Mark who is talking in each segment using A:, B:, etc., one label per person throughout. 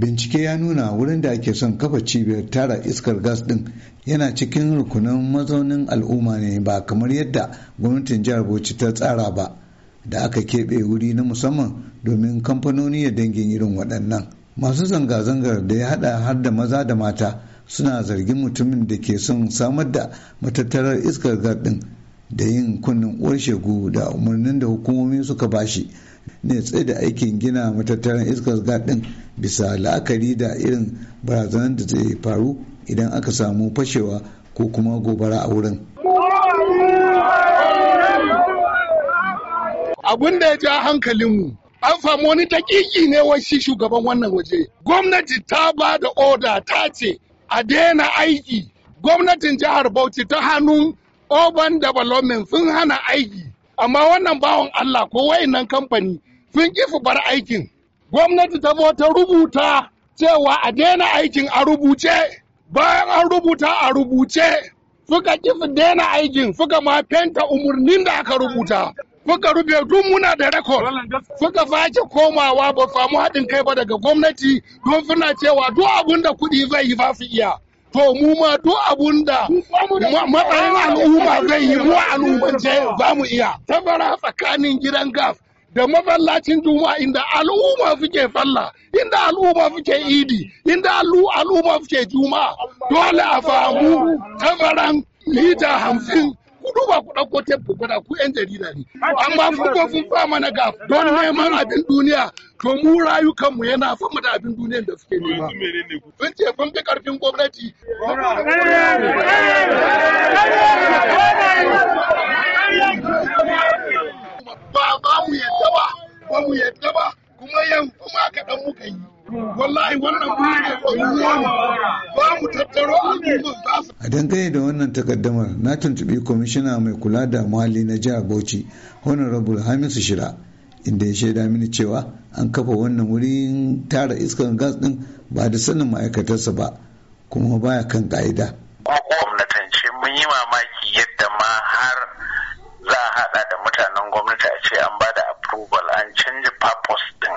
A: bincike ya nuna wurin da ake son kafa cibiyar tara iskar gas din yana cikin rukunin mazaunin al'umma ne ba kamar yadda gwamnatin jihar bauchi ta tsara ba da aka keɓe wuri na musamman domin kamfanoni ya dangin irin waɗannan masu zanga-zangar da ya haɗa har da maza da mata suna zargin mutumin da ke son samar da matattarar iskar gas din da yin kunnen uwar shegu da umarnin da hukumomi suka bashi ne tsaye da aikin gina matattaran iskar gaɗin bisa la'akari da irin barazanar da zai faru idan aka samu fashewa ko kuma gobara a wurin.
B: Abun da ya ja hankalinmu an samu wani dakiki ne wasu shugaban wannan waje. Gwamnati ta ba da oda ta ce a daina aiki. Gwamnatin jihar Bauchi ta hannun urban development sun hana aiki amma wannan bawan Allah ko wayannan kamfani sun kifi bar aikin gwamnati ta zo ta rubuta cewa a daina aikin a rubuce bayan an rubuta a rubuce suka kifi daina aikin suka ma fenta umarnin da aka rubuta suka rufe duk muna da rekod suka face komawa ba samu haɗin kai ba daga gwamnati don suna cewa duk abin da kuɗi zai yi ba su iya to mu ma duk abun da matsayin al'umma zai yi mu al'ummance za mu iya tabara tsakanin gidan gas da masallacin juma'a inda al'umma suke falla inda al'umma suke idi inda al'umma suke juma'a dole a famu tabaran mita hamsin ku duba ku ɗauko tef ku ku 'yan jarida ne amma ku sun mana gaf don neman abin duniya to mu rayukan mu yana mu da abin duniyar da suke nema sun ce kun bi karfin gwamnati ba ba mu yadda ba ba mu yadda ba kuma yan kuma ka dan muka yi wallahi wannan kuma ne tsoron ba mu tattaro al'umman za
A: su a dangane da wannan takaddamar na tuntubi kwamishina mai kula da mali na jihar Bauchi Honorable Hamisu Shira inda ya shaida mini cewa an kafa wannan wurin tara iskar gas din ba da sanin ma'aikatarsa ba kuma baya kan ka'ida. Ko
C: gwamnatance mun yi mamaki yadda ma har za a hada da mutanen gwamnati a ce an bada approval an canja purpose din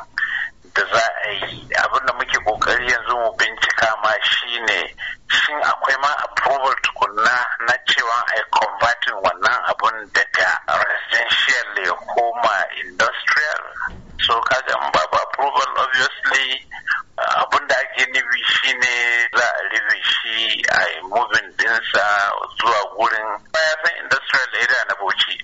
C: da za a yi abin da muke kokari yanzu mu bincika ma shine shin akwai ma approval tukunna na cewa a yi converting wannan abun da wurin bayan san industrial area na Bauchi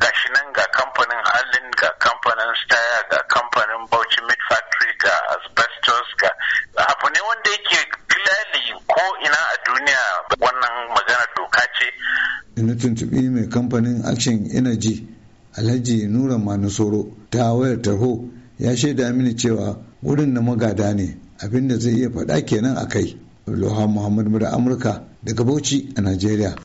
C: gashi nan ga kamfanin Allin ga kamfanin Staya ga kamfanin Bauchi Meat Factory ga asbestos ga abu ne wanda yake clearly ko ina a duniya wannan magana doka ce
A: ina tuntubi mai kamfanin Action Energy Alhaji Nura Manusoro ta wayar tarho ya shaida mini cewa wurin na magada ne abinda zai iya faɗa kenan a kai. Lohan Muhammad Mura Amurka daga Bauchi a Najeriya.